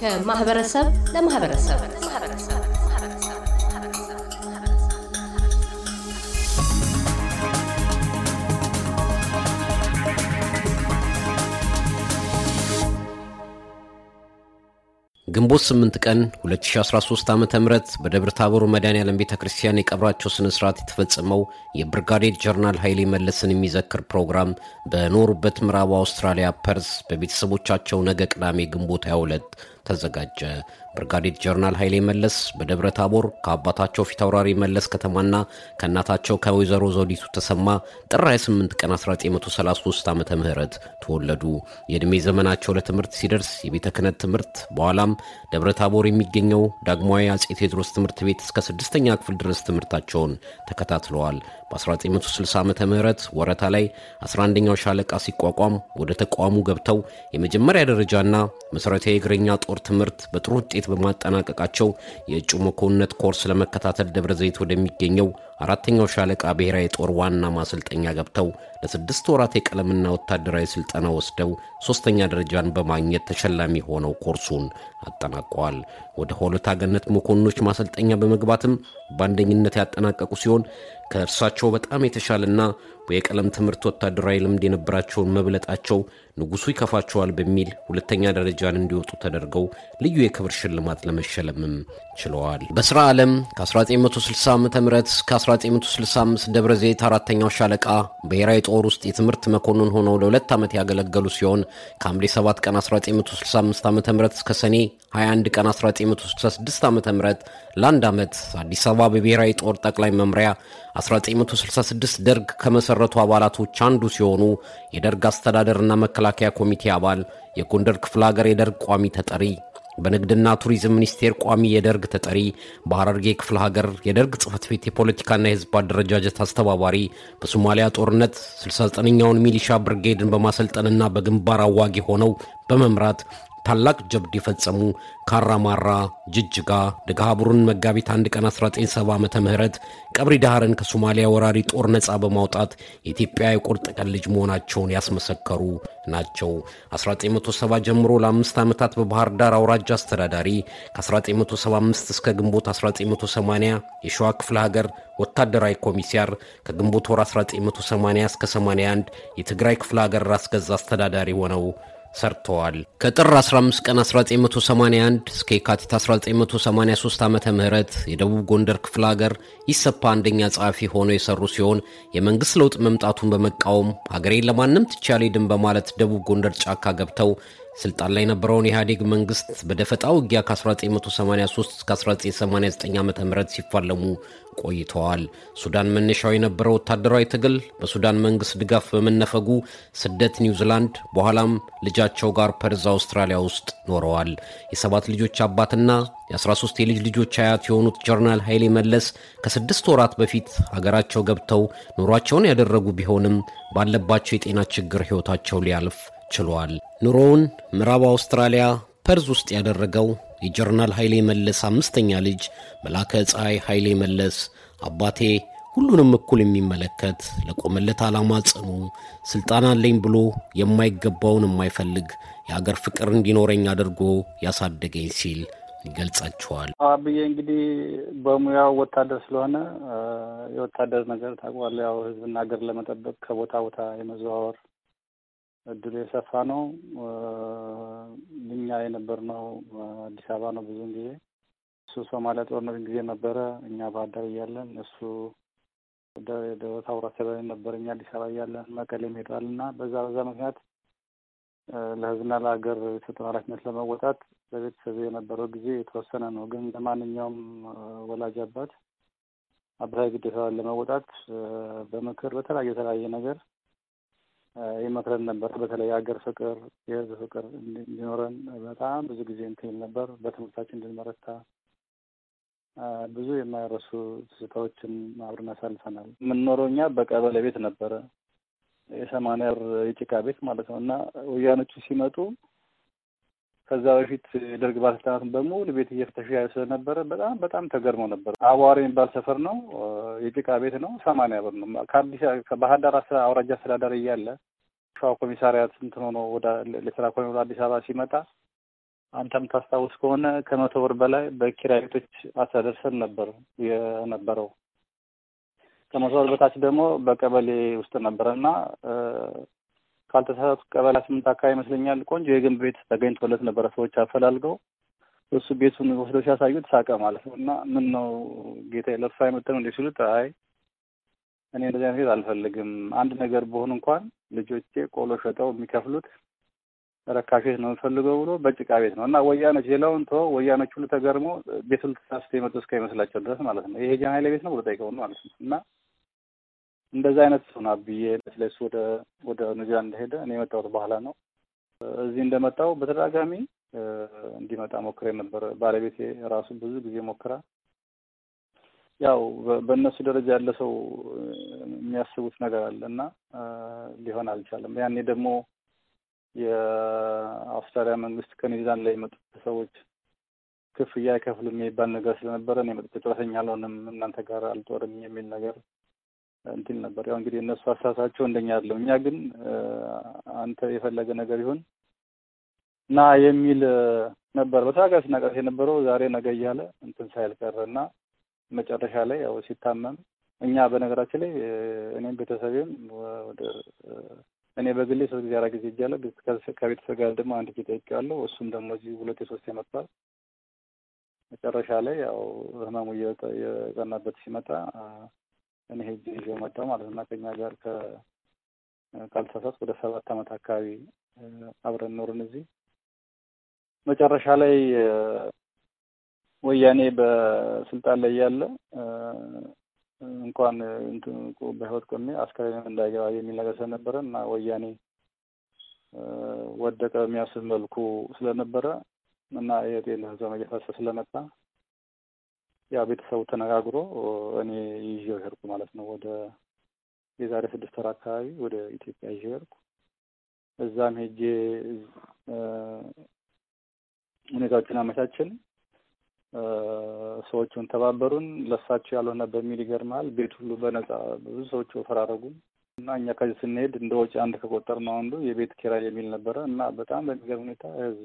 ከማህበረሰብ ለማህበረሰብ ግንቦት 8 ቀን 2013 ዓ ም በደብረ ታቦር መድኃኔዓለም ቤተ ክርስቲያን የቀብራቸው ስነ ስርዓት የተፈጸመው የብርጋዴር ጀርናል ኃይሌ መለስን የሚዘክር ፕሮግራም በኖሩበት ምዕራብ አውስትራሊያ ፐርስ በቤተሰቦቻቸው ነገ ቅዳሜ ግንቦት 22 ተዘጋጀ። ብርጋዴር ጀነራል ኃይሌ መለስ በደብረ ታቦር ከአባታቸው ፊታውራሪ መለስ ከተማና ከእናታቸው ከወይዘሮ ዘውዲቱ ተሰማ ጥር 28 ቀን 1933 ዓ ም ተወለዱ። የዕድሜ ዘመናቸው ለትምህርት ሲደርስ የቤተ ክህነት ትምህርት በኋላም ደብረ ታቦር የሚገኘው ዳግማዊ አጼ ቴዎድሮስ ትምህርት ቤት እስከ ስድስተኛ ክፍል ድረስ ትምህርታቸውን ተከታትለዋል። በ1960 ዓ ም ወረታ ላይ 11ኛው ሻለቃ ሲቋቋም ወደ ተቋሙ ገብተው የመጀመሪያ ደረጃና መሠረታዊ የእግረኛ ጦር የጦር ትምህርት በጥሩ ውጤት በማጠናቀቃቸው የእጩ መኮንነት ኮርስ ለመከታተል ደብረ ዘይት ወደሚገኘው አራተኛው ሻለቃ ብሔራዊ ጦር ዋና ማሰልጠኛ ገብተው ለስድስት ወራት የቀለምና ወታደራዊ ስልጠና ወስደው ሶስተኛ ደረጃን በማግኘት ተሸላሚ ሆነው ኮርሱን አጠናቀዋል። ወደ ሆለታ ገነት መኮንኖች ማሰልጠኛ በመግባትም በአንደኝነት ያጠናቀቁ ሲሆን ከእርሳቸው በጣም የተሻለና የቀለም ትምህርት ወታደራዊ ልምድ የነበራቸውን መብለጣቸው ንጉሱ ይከፋቸዋል በሚል ሁለተኛ ደረጃን እንዲወጡ ተደርገው ልዩ የክብር ሽልማት ለመሸለምም ችለዋል። በስራ ዓለም ከ1960 ዓ ም እስከ 1965 ደብረ ዘይት አራተኛው ሻለቃ ብሔራዊ ጦር ውስጥ የትምህርት መኮንን ሆነው ለሁለት ዓመት ያገለገሉ ሲሆን ከሐምሌ 7 ቀን 1965 ዓ ም እስከ ሰኔ 21 ቀን 1966 ዓ ም ለአንድ ዓመት አዲስ አበባ በብሔራዊ ጦር ጠቅላይ መምሪያ 1966 ደርግ ከመሠረቱ አባላቶች አንዱ ሲሆኑ የደርግ አስተዳደርና መከላከያ ኮሚቴ አባል፣ የጎንደር ክፍለ ሀገር የደርግ ቋሚ ተጠሪ በንግድና ቱሪዝም ሚኒስቴር ቋሚ የደርግ ተጠሪ፣ በሐረርጌ ክፍለ ሀገር የደርግ ጽፈት ቤት የፖለቲካና የህዝብ አደረጃጀት አስተባባሪ፣ በሶማሊያ ጦርነት 69ኛውን ሚሊሻ ብርጌድን በማሰልጠንና በግንባር አዋጊ ሆነው በመምራት ታላቅ ጀብድ የፈጸሙ ካራማራ፣ ጅጅጋ፣ ደጋሃቡሩን መጋቢት 1 ቀን 1970 ዓ ም ቀብሪ ዳህርን ከሶማሊያ ወራሪ ጦር ነፃ በማውጣት የኢትዮጵያ የቁርጥ ቀን ልጅ መሆናቸውን ያስመሰከሩ ናቸው። 1970 ጀምሮ ለአምስት ዓመታት በባህር ዳር አውራጃ አስተዳዳሪ ከ1975 እስከ ግንቦት 1980 የሸዋ ክፍለ ሀገር ወታደራዊ ኮሚሲያር ከግንቦት ወር 1980 እስከ 81 የትግራይ ክፍለ ሀገር ራስ ገዛ አስተዳዳሪ ሆነው ሰርተዋል። ከጥር 15 ቀን 1981 እስከ የካቲት 1983 ዓ ም የደቡብ ጎንደር ክፍለ ሀገር ኢሰፓ አንደኛ ጸሐፊ ሆነው የሰሩ ሲሆን የመንግሥት ለውጥ መምጣቱን በመቃወም ሀገሬን ለማንም ትቻሌ አልሄድም በማለት ደቡብ ጎንደር ጫካ ገብተው ስልጣን ላይ የነበረውን ኢህአዴግ መንግስት በደፈጣ ውጊያ ከ1983 እስከ 1989 ዓ ም ሲፋለሙ ቆይተዋል። ሱዳን መነሻው የነበረው ወታደራዊ ትግል በሱዳን መንግስት ድጋፍ በመነፈጉ ስደት ኒውዚላንድ፣ በኋላም ልጃቸው ጋር ፐርዝ አውስትራሊያ ውስጥ ኖረዋል። የሰባት ልጆች አባትና የ13 የልጅ ልጆች አያት የሆኑት ጀርናል ኃይሌ መለስ ከስድስት ወራት በፊት አገራቸው ገብተው ኑሯቸውን ያደረጉ ቢሆንም ባለባቸው የጤና ችግር ሕይወታቸው ሊያልፍ ችሏል። ኑሮውን ምዕራብ አውስትራሊያ ፐርዝ ውስጥ ያደረገው የጀርናል ኃይሌ መለስ አምስተኛ ልጅ መላከ ፀሐይ ኃይሌ መለስ አባቴ ሁሉንም እኩል የሚመለከት ለቆመለት ዓላማ ጽኑ፣ ሥልጣን አለኝ ብሎ የማይገባውን የማይፈልግ የአገር ፍቅር እንዲኖረኝ አድርጎ ያሳደገኝ ሲል ይገልጻቸዋል። አብዬ እንግዲህ በሙያው ወታደር ስለሆነ የወታደር ነገር ታውቋል። ያው ህዝብና ሀገር ለመጠበቅ ከቦታ ቦታ የመዘዋወር እድሉ የሰፋ ነው። እኛ የነበርነው አዲስ አበባ ነው ብዙን ጊዜ። እሱ ሶማሊያ ጦርነት ጊዜ ነበረ፣ እኛ ባህር ዳር እያለን፣ እሱ ደወት አውራሰበ ነበር፣ እኛ አዲስ አበባ እያለን፣ መቀሌም ሄዷል እና በዛ በዛ ምክንያት ለህዝብና ለሀገር የተሰጠው ኃላፊነት ለመወጣት በቤተሰብ የነበረው ጊዜ የተወሰነ ነው። ግን ለማንኛውም ወላጅ አባት አብራዊ ግዴታዋን ለመወጣት በምክር በተለያየ የተለያየ ነገር ይመክረን ነበር። በተለይ የሀገር ፍቅር፣ የህዝብ ፍቅር እንዲኖረን በጣም ብዙ ጊዜ እንትል ነበር። በትምህርታችን እንድንበረታ ብዙ የማይረሱ ትዝታዎችን አብረን አሳልፈናል። የምንኖረው እኛ በቀበሌ ቤት ነበረ የሰማንያ የጭቃ ቤት ማለት ነው እና ወያኖቹ ሲመጡ ከዛ በፊት የደርግ ባለስልጣናትን በሙሉ ቤት እየፈተሹ ያዩ ስለነበረ በጣም በጣም ተገርሞ ነበር። አዋሪ የሚባል ሰፈር ነው፣ የጭቃ ቤት ነው። ሰማንያ ብር ነው። ከአዲስ ከባህር ዳር አውራጃ አስተዳደር እያለ ሸዋ ኮሚሳሪያት እንትን ሆኖ ወደ ለስራ ኮሎኔል አዲስ አበባ ሲመጣ አንተም ታስታውስ ከሆነ ከመቶ ብር በላይ በኪራይ ቤቶች አስተዳደር ነበር የነበረው። ከመቶ ብር በታች ደግሞ በቀበሌ ውስጥ ነበረ እና ካልተሳሳቱ ቀበሌ ስምንት አካባቢ ይመስለኛል ቆንጆ የግንብ ቤት ተገኝቶለት ነበረ። ሰዎች አፈላልገው እሱ ቤቱን ወስደው ሲያሳዩት ሳቀ ማለት ነው። እና ምን ነው ጌታ ለብሳ የመጠነው እንደ ሲሉት አይ እኔ እንደዚህ አይነት ቤት አልፈልግም። አንድ ነገር በሆኑ እንኳን ልጆቼ ቆሎ ሸጠው የሚከፍሉት ረካሽ ቤት ነው የምፈልገው ብሎ በጭቃ ቤት ነው እና ወያኖች ሌላውን ቶ ወያኖች ሁሉ ተገርሞ ቤቱን ተሳስቶ የመጡ እስከ ይመስላቸው ድረስ ማለት ነው። ይሄ ጃን ሀይለ ቤት ነው ብሎ ጠይቀውን ማለት ነው እና እንደዚ አይነት ሰው ና ብዬ ለሱ ወደ ወደ ኒውዚላንድ እንደሄደ እኔ የመጣሁት በኋላ ነው። እዚህ እንደመጣው በተደጋጋሚ እንዲመጣ ሞክሬ ነበር። ባለቤቴ ራሱ ብዙ ጊዜ ሞክራ ያው በእነሱ ደረጃ ያለ ሰው የሚያስቡት ነገር አለ እና ሊሆን አልቻለም። ያኔ ደግሞ የአውስትራሊያ መንግስት ከኒውዚላንድ ላይ የመጡት ሰዎች ክፍያ አይከፍልም የሚባል ነገር ስለነበረ እኔ መጥቼ ጨረሰኛ አልሆንም እናንተ ጋር አልጦርም የሚል ነገር እንትን ነበር። ያው እንግዲህ እነሱ አሳሳቸው እንደኛ አይደለም። እኛ ግን አንተ የፈለገ ነገር ይሁን ና የሚል ነበር በተጋጋስ ነቀስ የነበረው ዛሬ ነገ እያለ እንትን ሳይል ቀረና መጨረሻ ላይ ያው ሲታመም እኛ በነገራችን ላይ እኔም ቤተሰቤም ወደ እኔ በግሌ ሶስት ጊዜ አራት ጊዜ እጃለሁ። ከቤተሰብ ጋር ደግሞ አንድ ጊዜ ጠይቄዋለሁ። እሱም ደግሞ እዚህ ሁለት የሶስት መጥቷል። መጨረሻ ላይ ያው ህመሙ እየጸናበት ሲመጣ እኔ ሄጄ ይዤው መጣሁ ማለት ነው። ከኛ ጋር ካልተሳሳት ወደ ሰባት አመት አካባቢ አብረን ኖርን እዚህ። መጨረሻ ላይ ወያኔ በስልጣን ላይ ያለ እንኳን በህይወት ቆሜ አስከሬን እንዳይገባ የሚል ነገር ስለነበረ እና ወያኔ ወደቀ የሚያስብ መልኩ ስለነበረ እና የጤል ህዝብ እየፈሰ ስለመጣ ያ ቤተሰቡ ተነጋግሮ እኔ ይዤው ሄድኩ ማለት ነው። ወደ የዛሬ ስድስት ወር አካባቢ ወደ ኢትዮጵያ ይዤው ሄድኩ። እዛም ሄጄ ሁኔታዎችን አመቻችን፣ ሰዎቹን ተባበሩን። ለሳቸው ያልሆነ በሚል ይገርማል ቤት ሁሉ በነጻ ብዙ ሰዎች ፈራረጉ እና እኛ ከዚህ ስንሄድ እንደ ወጪ አንድ ከቆጠር ነው አንዱ የቤት ኪራይ የሚል ነበረ እና በጣም በሚገርም ሁኔታ ህዝብ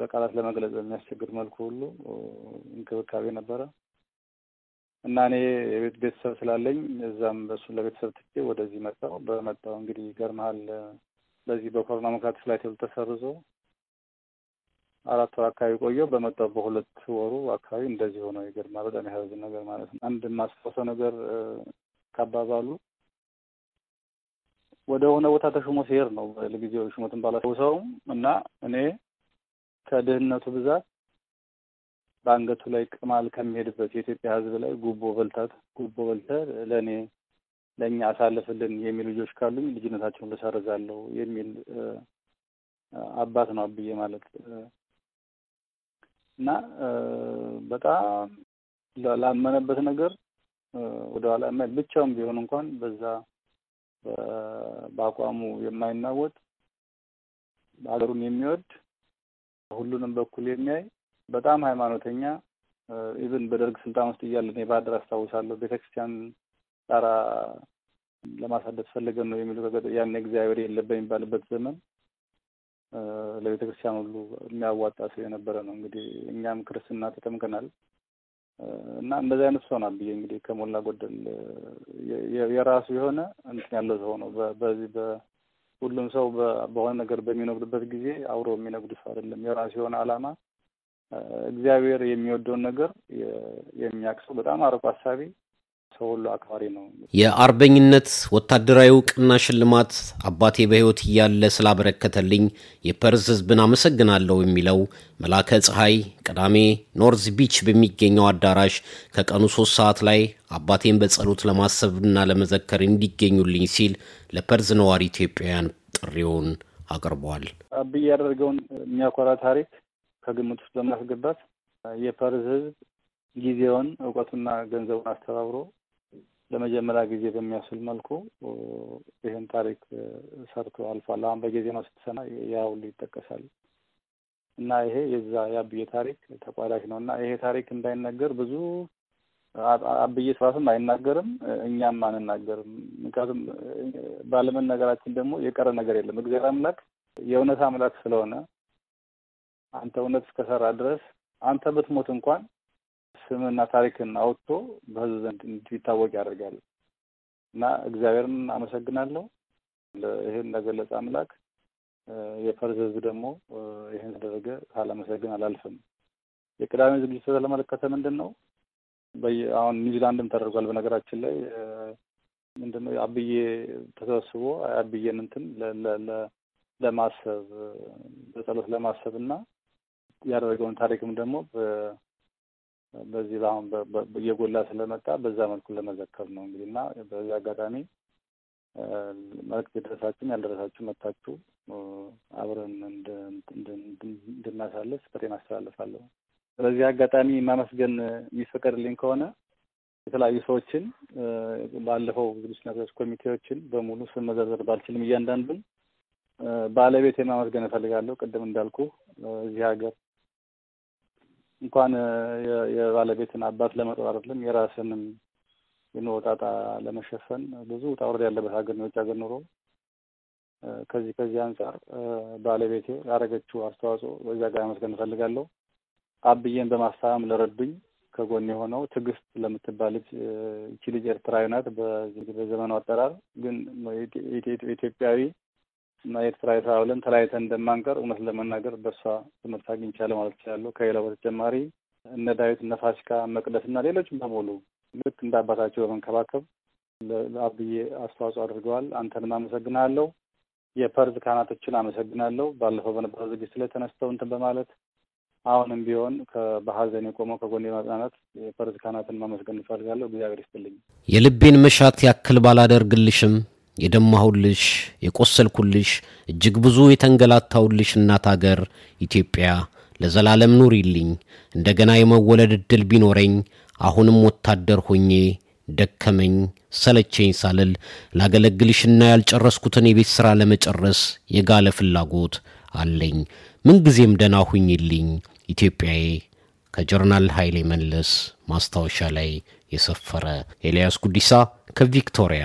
በቃላት ለመግለጽ በሚያስቸግር መልኩ ሁሉ እንክብካቤ ነበረ እና እኔ የቤት ቤተሰብ ስላለኝ እዛም በሱ ለቤተሰብ ትቼ ወደዚህ መጣው በመጣው እንግዲህ ይገርምሃል በዚህ በኮሮና ምክንያት ፍላይት ሁሉ ተሰርዞ አራት ወር አካባቢ ቆየው በመጣው በሁለት ወሩ አካባቢ እንደዚህ ሆነው ይገርምሃል። በጣም ያሳዝን ነገር ማለት ነው። አንድ የማስታውሰው ነገር ካባባሉ ወደ ሆነ ቦታ ተሾሞ ሲሄድ ነው። ለጊዜው ሹመትን ባላስታውሰውም እና እኔ ከድህነቱ ብዛት በአንገቱ ላይ ቅማል ከሚሄድበት የኢትዮጵያ ሕዝብ ላይ ጉቦ በልታት ጉቦ በልተት ለእኔ ለእኛ አሳልፍልን የሚሉ ልጆች ካሉኝ ልጅነታቸውን ልሰርዛለሁ የሚል አባት ነው አብዬ ማለት እና በጣም ላመነበት ነገር ወደኋላ ብቻውም ቢሆን እንኳን በዛ በአቋሙ የማይናወጥ ሀገሩን የሚወድ ሁሉንም በኩል የሚያይ በጣም ሃይማኖተኛ ኢቭን በደርግ ስልጣን ውስጥ እያለን ባድር አስታውሳለሁ ቤተክርስቲያን ጣራ ለማሳደስ ፈልገን ነው የሚሉ ያን እግዚአብሔር የለም በሚባልበት ዘመን ለቤተ ክርስቲያን ሁሉ የሚያዋጣ ሰው የነበረ ነው። እንግዲህ እኛም ክርስትና ተጠምቀናል እና እንደዚህ አይነት ሰው ናት ብዬ እንግዲህ ከሞላ ጎደል የራሱ የሆነ እንትን ያለው ሰው ነው። በዚህ ሁሉም ሰው በሆነ ነገር በሚነግዱበት ጊዜ አብሮ የሚነግዱ ሰው አይደለም። የራሱ የሆነ አላማ እግዚአብሔር የሚወደውን ነገር የሚያውቅ ሰው በጣም አርቆ አሳቢ ሰው ሁሉ አክባሪ ነው። የአርበኝነት ወታደራዊ እውቅና ሽልማት አባቴ በሕይወት እያለ ስላበረከተልኝ የፐርዝ ሕዝብን አመሰግናለሁ የሚለው መላከ ፀሐይ ቅዳሜ ኖርዝ ቢች በሚገኘው አዳራሽ ከቀኑ ሶስት ሰዓት ላይ አባቴን በጸሎት ለማሰብና ለመዘከር እንዲገኙልኝ ሲል ለፐርዝ ነዋሪ ኢትዮጵያውያን ጥሪውን አቅርቧል። አብይ ያደረገውን የሚያኮራ ታሪክ ከግምት ውስጥ በማስገባት የፐርዝ ሕዝብ ጊዜውን እውቀቱና ገንዘቡን አስተባብሮ ለመጀመሪያ ጊዜ በሚያስችል መልኩ ይህን ታሪክ ሰርቶ አልፏል። አሁን በየዜናው ነው ስትሰማ ያው ይጠቀሳል እና ይሄ የዛ የአብዬ ታሪክ ተቋዳሽ ነው እና ይሄ ታሪክ እንዳይነገር ብዙ አብዬ ስራትም አይናገርም፣ እኛም አንናገርም። ምክንያቱም ባለመነገራችን ደግሞ የቀረ ነገር የለም። እግዚአብሔር አምላክ የእውነት አምላክ ስለሆነ አንተ እውነት እስከሰራ ድረስ አንተ ብትሞት እንኳን ስምና ታሪክን አውጥቶ በህዝብ ዘንድ እንዲታወቅ ያደርጋል እና እግዚአብሔርን አመሰግናለሁ። ይህን ለገለጸ አምላክ የፈርዝ ህዝብ ደግሞ ይህን ተደረገ ሳላመሰግን አላልፍም። የቅዳሜ ዝግጅት ስለተመለከተ ምንድን ነው አሁን ኒውዚላንድም ተደርጓል። በነገራችን ላይ ምንድን ነው አብዬ ተሰብስቦ አብዬን እንትን ለማሰብ በጸሎት ለማሰብ እና ያደረገውን ታሪክም ደግሞ በዚህ በአሁን እየጎላ ስለመጣ በዛ መልኩ ለመዘከር ነው እንግዲህ እና በዚህ አጋጣሚ መልዕክት የደረሳችሁን ያልደረሳችሁ መጥታችሁ አብረን እንድናሳልፍ ጥሬን አስተላልፋለሁ። ስለዚህ አጋጣሚ ማመስገን የሚፈቀድልኝ ከሆነ የተለያዩ ሰዎችን ባለፈው ዝግጅት ኮሚቴዎችን በሙሉ ስም መዘርዘር ባልችልም እያንዳንዱን ባለቤት የማመስገን እፈልጋለሁ። ቅድም እንዳልኩ እዚህ ሀገር እንኳን የባለቤትን አባት ለመጦር አይደለም የራስንም የኑሮ ጣጣ ለመሸፈን ብዙ ውጣ ውረድ ያለበት ሀገር ነው የውጭ ሀገር ኑሮ። ከዚህ ከዚህ አንጻር ባለቤቴ ላደረገችው አስተዋጽኦ በዚያ ጋር መስገን እንፈልጋለሁ። አብዬን በማስታመም ለረዱኝ ከጎን የሆነው ትዕግስት ለምትባል ልጅ ይቺ ልጅ ኤርትራዊ ናት በዘመኑ አጠራር ግን ኢትዮጵያዊ እና የኤርትራ የተባብለን ተለያይተን እንደማንቀር እውነት ለመናገር በእሷ ትምህርት አግኝቻለሁ ማለት ይችላለሁ። ከሌላ በተጨማሪ እነ ዳዊት እነ ፋሲካ መቅደስ እና ሌሎችም በሙሉ ልክ እንደ አባታቸው በመንከባከብ ለአብዬ አስተዋጽኦ አድርገዋል። አንተንም አመሰግናለሁ። የፐርዝ ካህናቶችን አመሰግናለሁ። ባለፈው በነበረው ዝግጅት ላይ ተነስተው እንትን በማለት አሁንም ቢሆን በሀዘን የቆመው ከጎን የማጽናናት የፐርዝ ካህናትን ማመስገን እፈልጋለሁ። እግዚአብሔር ይስጥልኝ። የልቤን መሻት ያክል ባላደርግልሽም የደማሁልሽ፣ የቆሰልኩልሽ፣ እጅግ ብዙ የተንገላታውልሽ እናት አገር ኢትዮጵያ ለዘላለም ኑሪልኝ። እንደገና የመወለድ ዕድል ቢኖረኝ አሁንም ወታደር ሆኜ ደከመኝ ሰለቸኝ ሳልል ላገለግልሽና ያልጨረስኩትን የቤት ሥራ ለመጨረስ የጋለ ፍላጎት አለኝ። ምንጊዜም ደና ሁኝልኝ ኢትዮጵያዬ። ከጀርናል ኃይሌ መለስ ማስታወሻ ላይ የሰፈረ ኤልያስ ጉዲሳ ከቪክቶሪያ